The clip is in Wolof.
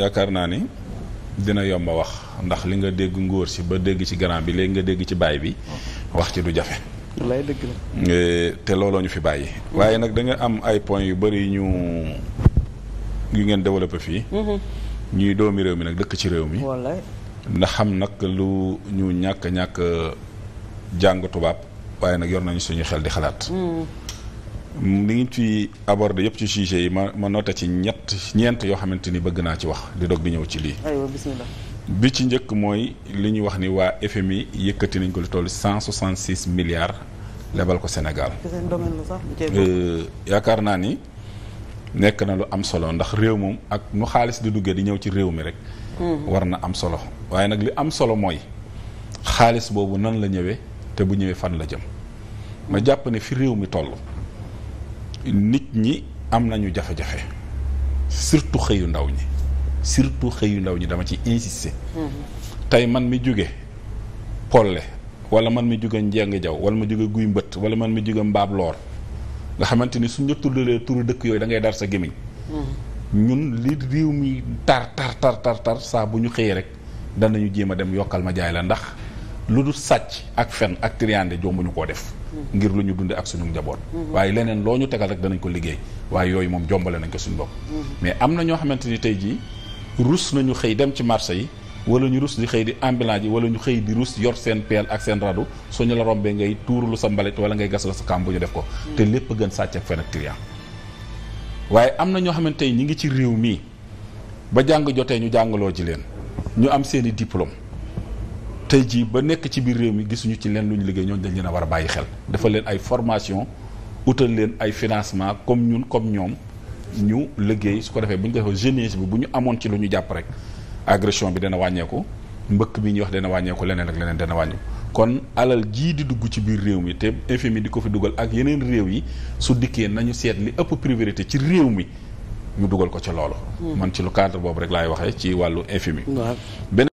yaakaar naa ni dina yomba wax ndax li nga dégg ngóor si ba dégg ci grand bi léegi nga dégg ci baay bi wax ci du jafe. wallaay dëgg eh, te looloo ñu fi bàyyi. waaye nag da nga am ay point yu bëri ñu yu ngeen développé fii. Mhm. ñuy doomi réew mi nag dëkk ci réew mi. wallaay ndax nag lu ñu ñàkk ñàkk jàng tubaab waaye nag yor nañ suñu xel di xalaat. Mhm. li ngi ci abordé yëpp ci sujet yi ma ma noté ci ñett ñeent yoo xamante ni bëgg naa ci wax di dog di ñëw ci lii. aywa bi ci njëkk mooy li ñuy wax ni waa FMI yëkkati nañ ko li toll 166 milliards lebal ko Sénégal. seen domaine la euh, yaakaar naa ni nekk na lu am solo ndax réew moom ak nu xaalis di duggee di ñëw ci réew mi rek. Hmm. war na am solo waaye nag li am solo mooy xaalis boobu nan la ñëwee te bu ñëwee fan la jëm. ma jàpp ne fi réew mi toll. nit ñi am nañu jafe-jafe surtout xëyu ndaw ñi surtout xëyu ndaw ñi dama ci insister. Mm-hmm. tey man mi jóge polle wala man mi jóge njeng jaw wala ma jóge guy mbëtt wala man mi jóge mbaab loor nga xamante ni suñ la tuddalee turu dëkk yooyu dangay ngay sa gémmiñ mm-hmm. ñun li réew mi tar tar tar tar saa bu ñu xëyee rek danañu jéem a dem yokkal ma jaay la ndax lu dul sàcc ak fen ak triande jombuñu koo def ngir lu ñu dunde ak suñu njaboot waaye leneen loo ñu tegal rek danañ ko liggéey waaye yooyu moom jombale nañ ko suñu bopp mais am na ñoo xamante ni tey jii na ñu xëy dem ci marché yi wala ñu rus di xëy di ambulance yi wala ñu xëy di rus yor seen peel ak seen radu suñu la rombee ngay lu sa mbalit wala ngay gas la sa kàmb ñu def ko te lépp gën sàcc ak fen ak triande waaye am na ñoo xamante ni ñi ngi ci réew mii ba jàng jotee ñu jàngaloo ji leen ñu am seen i diplôme tey jii ba nekk ci biir réew mi gisuñu ci leen lu ñu liggéey ñooñu dañ leen a war a bàyyi xel dafa leen ay formation utal leen ay financement comme ñun comme ñoom ñu liggéey su ko defee bu ñu defee jeunesse bi bu ñu amoon ci lu ñu jàpp rek agression bi dana wàññeeku mbëkk bi ñuy wax dana wàññeeku leneen ak leneen dana wàññeeku kon alal jii di dugg ci biir réew mi te FMI di ko fi dugal ak yeneen réew yi su dikkee nañu seet li ëpp priorité ci réew mi ñu dugal ko ca loolu. Hmm. man ci lu cadre boobu rek laay waxee ci wàllu FMI.